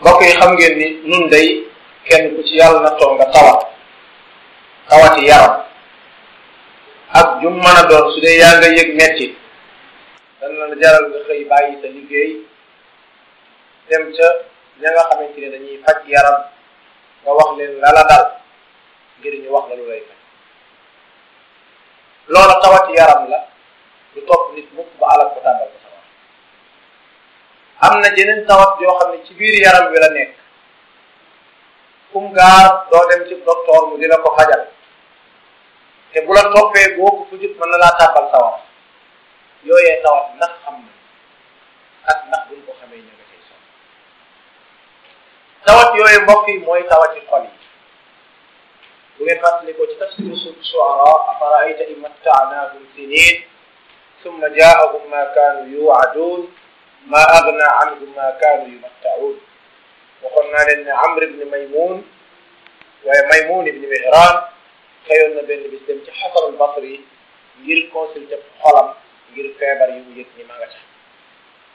mbokk yi xam ngeen ni nun day kenn ku ci yàlla na toog nga tawat tawati yaram ak jum mën a doon su dee yaa nga yëg metti dana la jaral nga xëy bàyyi sa liggéey dem ca ña nga xamante ne dañuy faj yaram nga wax leen la la dal ngir ñu wax la lu lay faj loola tawati yaram la amna jenen tawat yo xamne ci biir yaram bi la nek kum gaar do dem ci docteur mu dina ko fajal te bu la topé boku fu jitt man la tabal tawat yoyé tawat nak xam ak nak bu ko xamé ñu ngi so tawat yoyé mbokk yi moy tawat ci xol yi bu ngeen fàttali ko ci tafsir suuf suara afaraayta bi sinin summa jaahum ma kanu yu'adun ما أغنى عنه ما كانوا يمتعون وقلنا لأن عمرو بن ميمون وميمون بن مهران خير بن بسلمت حسن البصري يل كونسل تب خلم يل كابر يوجد نما غشا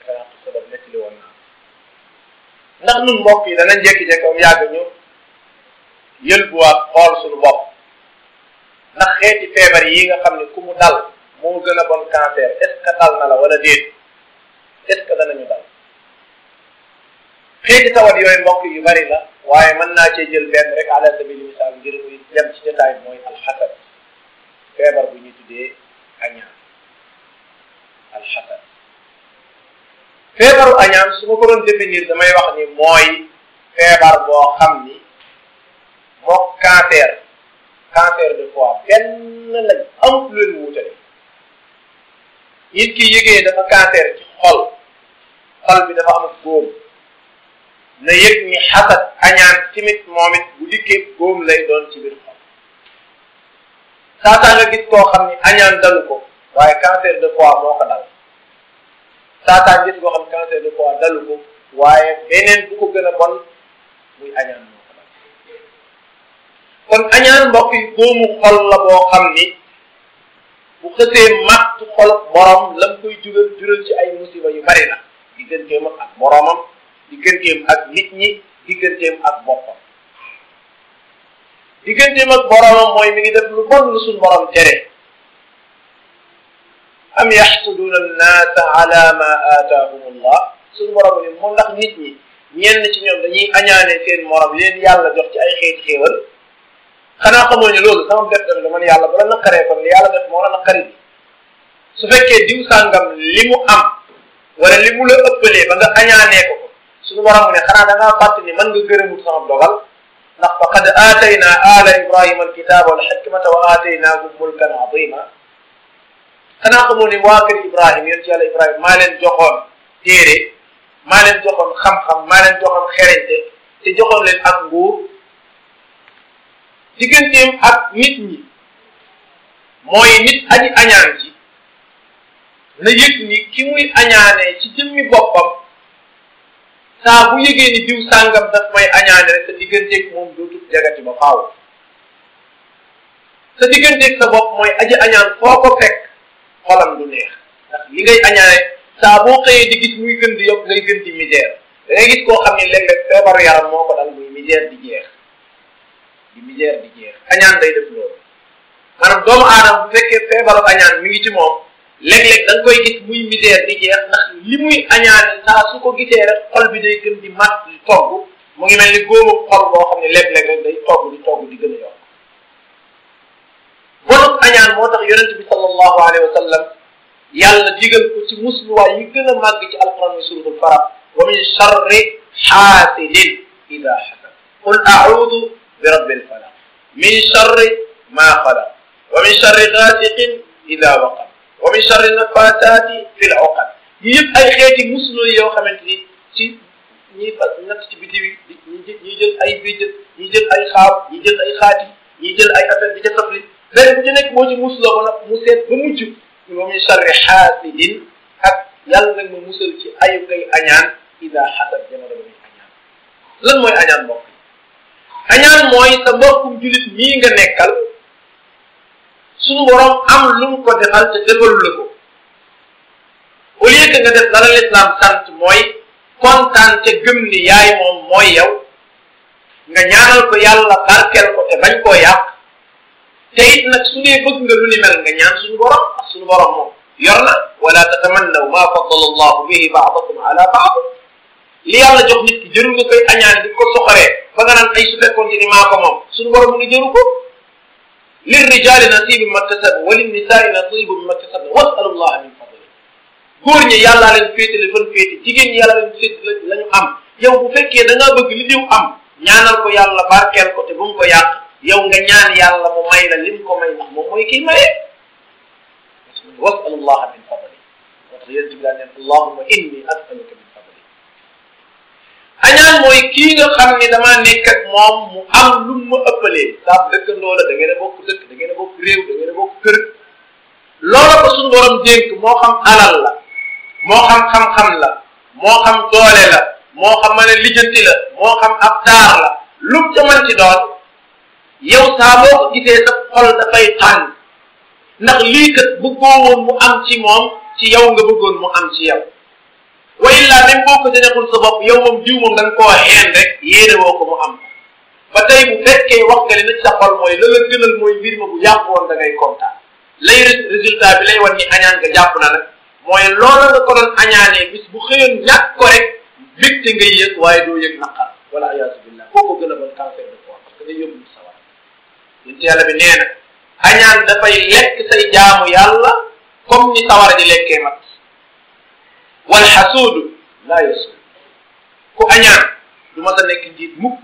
كلا قصد بنتل ونا نحن نبقى إذا ننجيك جاكم يا بنيو يلبوا قول سنبقى نخيتي فيبر ييغا خمني كمو دل مو جنبون كافير اسكتال نلا ولا ديت est ce que danañu dal xeeti tawat yooyu mbokk yu bari la waaye mën naa cee jël benn rek ala sabili misaal ngir muy dem ci détail mooy alxasad feebar bu ñu tuddee añaan alxasad feebaru añaan su ma ko doon définir damay wax ni mooy feebar boo xam ni mook cancer cancer de foie benn lañ amut leen wutale nit ki yëgee dafa cancer ci xol xol bi dafa am ak góom na yëg ni xasat añaan timit moom it bu dikkee góom lay doon ci biir xol saataa nga gis koo xam ni añaan dalu ko waaye cancer de foie moo ko dal saataa gis koo xam cancer de foie dalu ko waaye beneen bu ko gën a bon muy añaan moo kon añaan mbokk yi góomu xol la boo xam ni bu xësee màtt xol borom lam koy jural jural ci ay musiba yu bari na digënteem ak boromam digënteem ak nit ñi digënteem ak boppam digënteem ak boromam mooy mi ngi def lu bon lu suñ borom tere am yaxsuduna annaasa ala ma aataahum allah suñ borom ni moom ndax nit ñi ñenn ci ñoom dañuy añaane seen morom leen yàlla jox ci ay xeeti xéewal xanaa xamoo ne loolu sama dem dama man yàlla bala naqaree kon li yàlla def moo la naqari su fekkee diw sàngam li mu am wala li mu la ëppalee ba nga añaanee ko ko suñu borom ne xanaa da ngaa fàtt ni mën nga gërëmut sama dogal ndax fa qad aatayna ala ibrahima alkitaba wal xikmata wa aataynahum mulkan azima xanaa xamoo ni waa kër ibrahim yéen ci yàlla ibrahim maa leen joxoon téere maa leen joxoon xam-xam maa leen joxoon xereñte te joxoon leen ak nguur digganteem ak nit ñi mooy nit aji añaan ci na yëg ni ki muy añaanee ci jëmmi boppam saa bu yëgee ni diw sàngam daf may añaane rek sa digganteeg moom dootul jagati ba faaw sa digganteeg sa bopp mooy aji añaan foo ko fekk xolam du neex ndax li añaane saa boo xëyee di gis muy gën di yokk ngay gën di misère da gis koo xam ni léeg-léeg feebaru yaram moo ko dal muy di jeex di misère di jeex añaan day def loolu maanaam doomu aadama bu fekkee feebaru añaan mi ngi ci moom leg leg dang koy gis muy misère di jeex ndax li muy añaan saa su ko gisee rek xol bi day gën di mat di togg mu ngi mel ni góomu xol boo xam ne leg leg rek day togg di togg di gën a yokk bonu añaan moo tax yonent bi sallallahu alayhi wa sallam yàlla digal ko ci musluwaay yi gën a màgg ci alquran suratul farab wa min charri xaasidin ida xasad qul audu bi rabbil falaq min charri ma xalaq wa min charri xaasiqin ida waqab wa min charri nafaataati fi l oqad yi yëpp ay xeeti musuloo yoo xamante ni ci ñiy fas natt ci biti wi ñuy jël ay bijjët ñuy jël ay xaab ñuy jël ay xaati ñuy jël ay affaire di ca safli benn bu ci nekk moo ci musuloo ko nag mu seet ba mujj wa min charri xaasidin ak yàlla nag ma musal ci ayu kay añaan ida xasad jamono ba muy añaan lan mooy añaan mbokk añaan mooy sa mbokkum julit mii nga nekkal suñu borom am lu ko defal te defalu la ko au lieu que nga def dara lislaam sant mooy te gëm ni yaay moom mooy yow nga ñaanal ko yàlla barkeel ko te bañ koo yàq te it nag su dee bëgg nga lu ni mel nga ñaan suñu borom ak suñu borom moom yor na wala tatamannaw maa faddala allahu bihi baadakum baad li yàlla jox nit ki jëru nga koy añaan di ko soxoree ba nga naan ay su ko للرجال نصيب ما اكتسبوا وللنساء نصيب ما اكتسبوا واسألوا الله من فضله غورني يالا لن فيتي لفن فيتي جيجين يالا لن فيتي لن أم يو بفكي دنا بغي لديو أم نيانال يالا باركيال كو تبون يالا يو نيان يالا مميلا لم كو ميلا مميلا كي واسألوا الله من فضله وصيرت بلان اللهم إني أسألك من ñaareel mooy kii nga xam ni damaa nekk moom mu am lu mu ma ëppalee daab dëkkandoo la da ngeen a bokk dëkk da ngeen a bokk réew da ngeen a bokk kër loola ko suñu borom dénk moo xam alal la moo xam xam-xam la moo xam doole la moo xam mën a lijjanti la moo xam ab la lu mu ca mën yow saa boo ko gisee sa xol dafay tàng ndax lii kat bëggoo mu am ci moom ci yow nga bëggoon mu am ci yow wa illaa même boo ko jëndee sa bopp yow moom jiw moom da nga koo xeen rek yéene woo ko mu am ba tey bu fekkee wax nga li na ci mooy la la gënal mooy mbir ma bu yàqoon da ngay ko lay résultat bi lay wan ni añaan nga jàpp na rek mooy loola nga ko doon añaanee bis bu xëyoon ñàkk ko rek victe ngay yëg waaye doo yëg naqar wala ayaasu billah koo ko gën a bon cancer de poids parce que day yóbbu sa war ñun yàlla bi nee na añaan dafay lekk wal xasuudu laa yasud ku añaan du ma sa nekk njiit mukk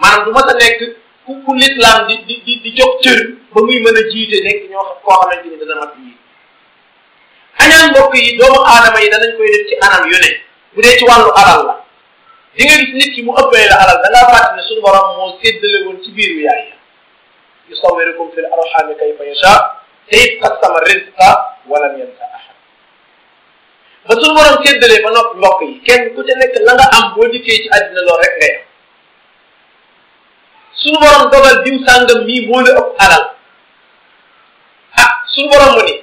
maanaam du ma sa nekk ku ku lislaam di di di di jox cër ba muy mën a jiite nekk ñoo xam koo xamante ni dana mat njiit añaan mbokk yi doomu aadama yi danañ koy def ci anam yu ne bu dee ci wàllu alal la di nga gis nit ki mu ëppee la alal da ngaa fàttali ne suñu borom moo séddale woon ci biiru yaay yusawwirukum fil arhami kayfa yasha te it qasama rizqa walam yansa ba sun borom séddalee ba noppi mbokk yi kenn ku ca nekk la nga am boo dikkee ci àddina loolu rek ngay am sun borom dogal diw sàngam mii moo la ëpp alal ah sun borom mu ni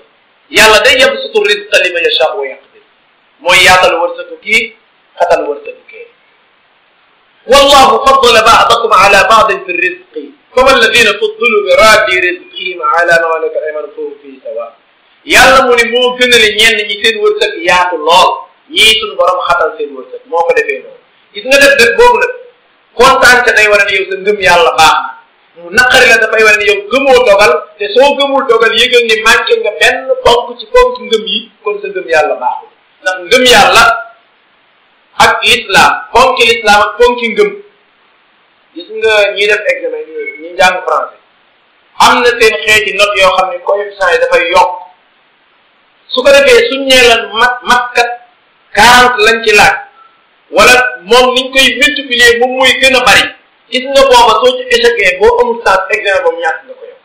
yàlla day yem sutur risqa li ma yasha wa yaqdir mooy yaatal wërsëgu kii xatal wërsëgu kee والله فضل بعضكم على بعض في الرزق فما الذين فضلوا براد رزقهم على ما ملكت ايمانهم فهم فيه سواء yàlla mu ne moo gënale ñenn ñi seen wërsëg yaatu lool ñii suñu borom xatal seen wërsëg moo ko defee noonu gis nga def def boobu nag kontaan ca day wane ne yow sa ngëm yàlla baax na mu naqari la dafay wane ne yow gëmoo dogal te soo gëmul dogal yëgal ni manqué nga benn ponk ci ponk ngëm yi kon sa ngëm yàlla baaxul ndax ngëm yàlla ak l'islam ponki l'islam ak ponki ngëm nga ñiy am na seen xeeti note yoo xam ne coefficient dafay yokk su ko defee suñ nee la mat mat kat quarante lañ ci laaj wala moom niñ koy multiplier moom muy gën a bari gis nga booba soo ci échecgee boo amul chance examen boobu ñàkk nga ko yow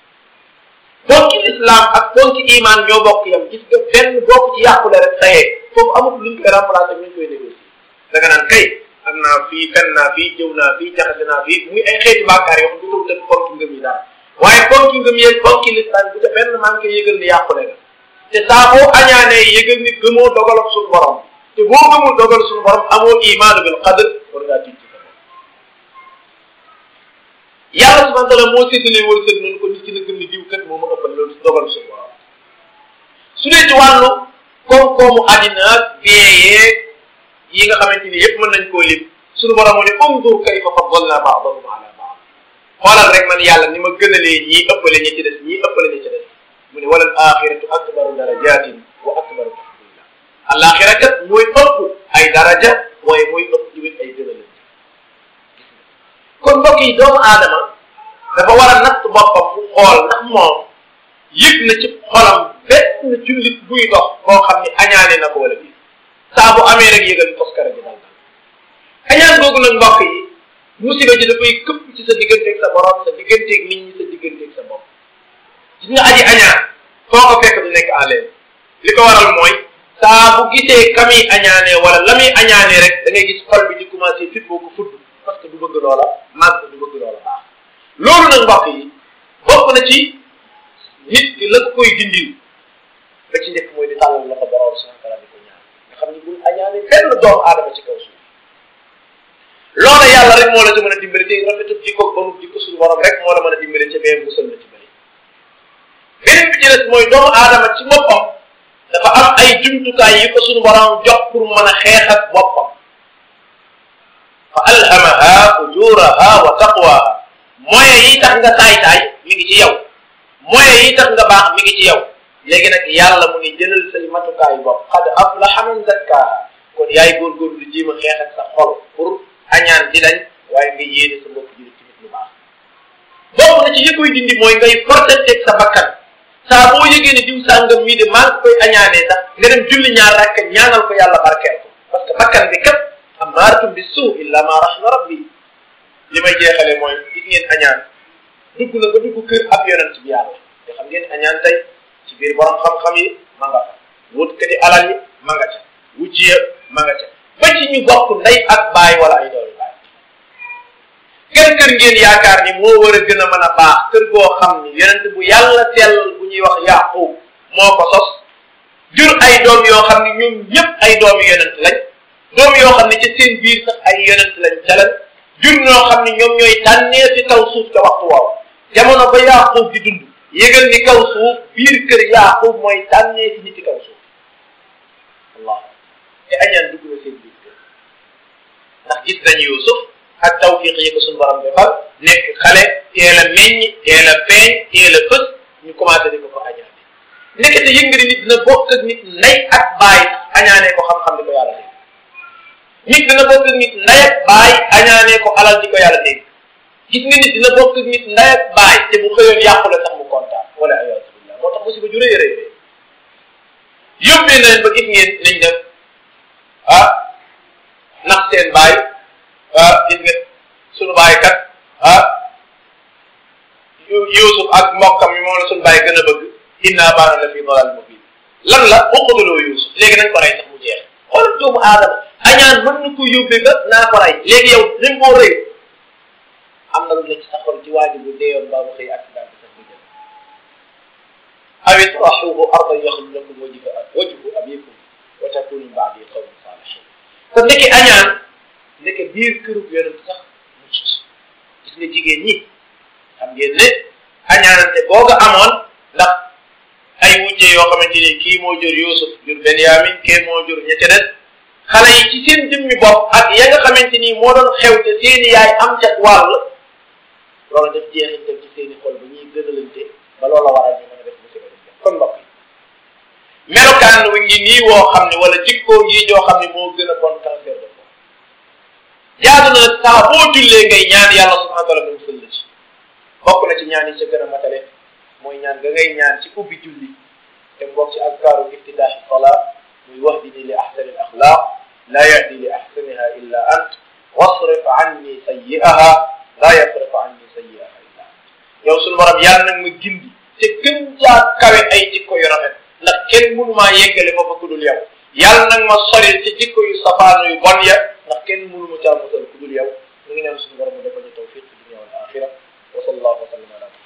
ponki islam ak ponki iman ñoo bokk yam gis nga benn bokk ci yàqule rek saxee foofu amul luñ koy remplacer ñu koy am naa fii fen naa fii jëw naa fii jaxase naa fii muy ay xeeti bàkkaar yoo xam du tëb ponki ngëm yi daal waaye ponki ngëm yeeg ponki lislam ca benn manqué yëgal ni yàqule la te saa boo añaanee yëgal ni gëmoo dogalab suñu borom te boo gëmul dogal suñu borom amoo imaanu bil qadr war ngaa tiit yàlla subhana taala moo séddalee wërsëg noonu ko nit ki na gëm ni diw kat moo ma ëppal loolu dogal suñu borom su dee ci wàllu koom-koomu àddina beeyee yi nga xamante ni yëpp mën nañ koo lim suñu borom moo ne undur kayfa faddalna ba'dahum ala ba'd xoolal rek man yàlla ni ma gënalee ñii ëppale ñi ci des ñii ëppale ñi mu wala al axiratu akbaru darajatin wa akbaru tafdila alaxira kat mooy ëpp ay daraja waaye mooy ëpp tamit ay gënalën kon mbokk yi doomu aadama dafa war a natt boppam bu xool ndax moom na ci xolam benn buy dox koo xam ne añaane na ko wala bi saa bu amee rek yëgal toskara ji dal dal añaan googu nag mbokk yi musiba ji dafay këpp ci sa digganteeg sa borom sa digganteeg gis nga aji añaan foo ko fekk du nekk à l'aise li ko waral mooy saa bu gisee añaanee wala la muy añaanee rek da ngay gis xol bi di commencé fit boo ko fudd parce que du bëgg loola màgg du bëgg loola baax loolu nag mbokk yi bokk na ci nit ki la ko koy dindil ba ci njëkk mooy di tàllal la ko borom subhanahu wa di ko ñaan nga xam ni bul añaanee benn doomu aadama ci kaw suuf loola yàlla rek moo la ci mën a dimbali te jikkoog jikko suñu borom rek moo la mën a dimbali mais musal ci beneen bi ci des mooy doomu aadama ci boppam dafa am ay jumtukaay yu ko suñu borom jox pour mën a xeex ak boppam fa alhamaha ujuraha wa taqwaha moye yi tax nga taay taay mi ngi ci yow moye yi tax nga baax mi ngi ci yow léegi nag yàlla mu ngi jëlal say matukaay bopp xad aflaha man zakkaha kon yaay góorgóorlu lu a xeex ak sa xol pour añaan di lañ waaye nga yéene sa mbokk ci nit lu baax bokk na ci yi dindi mooy ngay fortanteeg sa bakkan saa boo yëgee ne diw sàngam mii de maa koy añaanee sax nga dem julli ñaar rakk ñaanal ko yàlla barkeel ko parce que bakkan bi kat ammaaratum bi suu illa ma rahma rabbi li may jeexale mooy gis ngeen añaan dugg na ba dugg kër ab yonent bi yàlla nga xam ngeen añaan tey ci biir borom xam-xam yi ma nga fa wutkati kër kër ngeen yaakaar ni moo war a gën a mën a baax kër goo xam ni yonent bu yàlla sell ñuy wax yaqub moo ko sos jur ay doom yoo xam ne ñoom ñëpp ay doomi yonent lañ doom yoo xam ne ci seen biir sax ay yonent lañ dalal jur ñoo xam ne ñoom ñooy tànnee ci kaw suuf ca waxtu waaw jamono ba yaqub di dund yëgal ni kaw suuf biir kër yaqub mooy tànnee ci ñi ci kaw suuf allah te añaan dugg na seen biir kër ndax gis nañu yusuf ak tawfiq yi ko suñu borom defal nekk xale teel a meññ teel a feeñ teel a fës ñu commencé di ko ko añaane ndekete yëg nga ni nit dina bokk ak nit nay ak baay añaanee ko xam-xam di ko yàlla dégg nit dina bokk ak nit nay ak baay añaanee ko alal di ko yàlla dégg gis nga nit dina bokk ak nit nay ak baay te bu xëyoon yàqu la sax mu kontaan wala ayasubillah moo tax musiba ju rëy rëy rëy yóbbee na ba gis ngeen nañ def ah seen baay yusuf ak mbokkam yi moom la suñu bàyyi gën a bëgg inna baana la fi dalal mubin lan la uqtuloo yusuf léegi nañ ko rey sax mu jeex xool doomu aadama añaan mën na ko yóbbee ba naa ko rey léegi yow lim koo rëy am na lu la ci sa xol ci waaji bu deeyoon baa bu xëy accident bi sax mu jël aw itraxuuhu arda yaxlu lakum wajiba wajhu abikum wa takunu baadi qawmin salihin kon ndeke añaan ndeke biir kërub yonent sax mucc gis nga jigéen ñi xam ngeen ne añaanante googa amoon ndax ay wujje yoo xamante ni kii moo jur yusuf jur benyamin kee moo jur ña ca xale yi ci seen jëmmi bopp ak ya nga xamante ni moo doon xew te seeni yaay am ca wàll loola def jeexintal ci seeni xol ba ñuy gënalante ba loola waral ñu mën a def musiba def kon mbokk yi melokaan wi ngi nii woo xam ne wala jikkoo ngi joo xam ne moo gën a bon cancer de jaadu na saa boo jullee ngay ñaan yàlla subhanahu wa taala bokk na ci ñaan yi ci gëna matale moy ñaan nga ngay ñaan ci ubi julli te bok ci azkaru iftitaahi sala muy wahdini li ahsani al axlaaq la ya'di li ahsaniha illa ant wasrif anni sayyi'aha la yasrif anni sayyi'aha illa ant yow sunu borom yàlla nak mu gindi te gën ja kawe ay jikko yu rafet ndax kenn ma yeggale ba fa dul yow yàlla nak ma soril ci jikko yu safaano yu bon ya ndax kenn mënuma caa musal ku dul yow ngi ñaan sunu borom dafa ñu tawfiq ci di ñëwal akhirah وصلى الله وسلم على